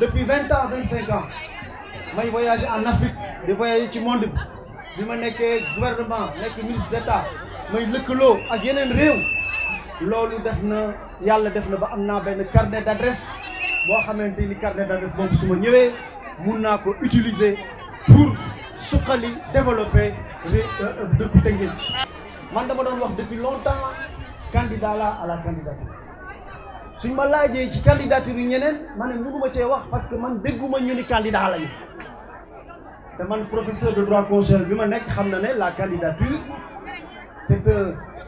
depuis 20 ans 25 ans je voyage en Afrique je voyage le monde je suis gouvernement ministre d'État je suis ak je je carnet d'adresse carnet d'adresse utiliser pour développer euh, euh, depuis longtemps candidat à la candidature si ma laajee ci candidature yu ñeneen ma ne mënuma cee wax parce que man dégguma ñu ni candidat lañu te man professeur de droit conseil bi ma nekk xam na ne la candidature c'est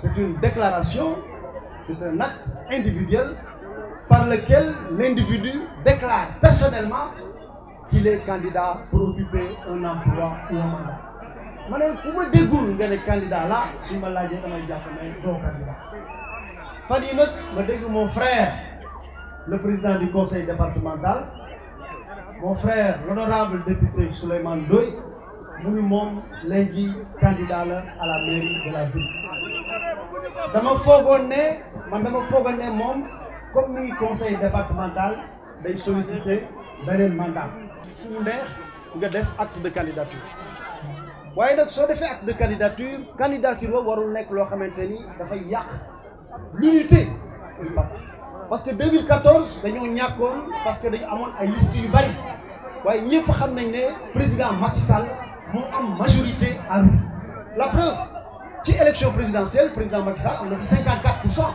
c'est une déclaration c'est un acte individuel par lequel l'individu déclare personnellement qu'il est candidat pour occuper un emploi ou un mandat ma ne ku ma déggul nga ne candidat la suñ ma laajee damay jàpp ne doo candidat je nak nag mon frère le président du conseil départemental mon frère l'honorable député Souleymane Doy, mon ñu candidat à la mairie de la ville Je foogoon ne man dama foogoon comme conseil départemental a sollicité le mandat Il a fait nga acte de candidature si vous fait fait acte de candidature candidature ba warul nekk loo il doit dafay l'unité parce que 2014 dañu ñakoon parce que dañu avons ay liste yu bari waye ñepp xam nañ président Macky Sall mo am majorité à risque. la preuve ci élection présidentielle président Macky Sall am 54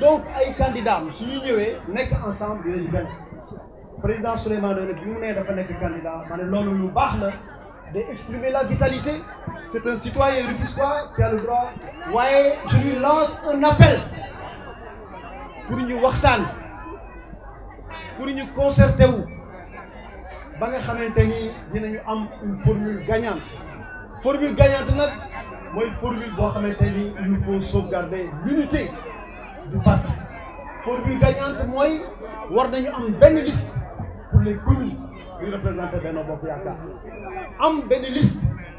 donc ay candidats am su ñu ensemble Le président Souleymane nous bi mu dafa candidat mais lu bax d'exprimer la vitalité. C'est un citoyen russois qui a le droit. je lui lance un appel pour nous waxtaan pour nous concerter où. ba nga nous une formule gagnante formule gagnante c'est la formule qui nous il faut sauvegarder l'unité du parti formule gagnante il war a am ben liste pour les communes vous représentez Benno Bokk Yaakaar am benn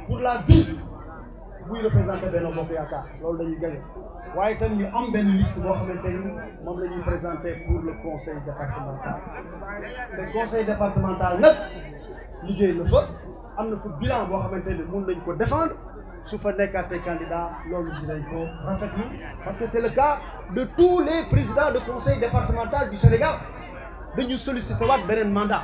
pour la ville vous représentez Benno Bokk Yaakaar loolu dañuy gagné waaye tam ñu am benn liste boo xamante ni pour le conseil départemental Le conseil départemental nag le na fa am na fa bilan pour xamante ni mun ko défendre su fa candidat loolu dinañ parce que c'est le cas de tous les présidents de conseil départemental du Sénégal Nous sollicité waat mandat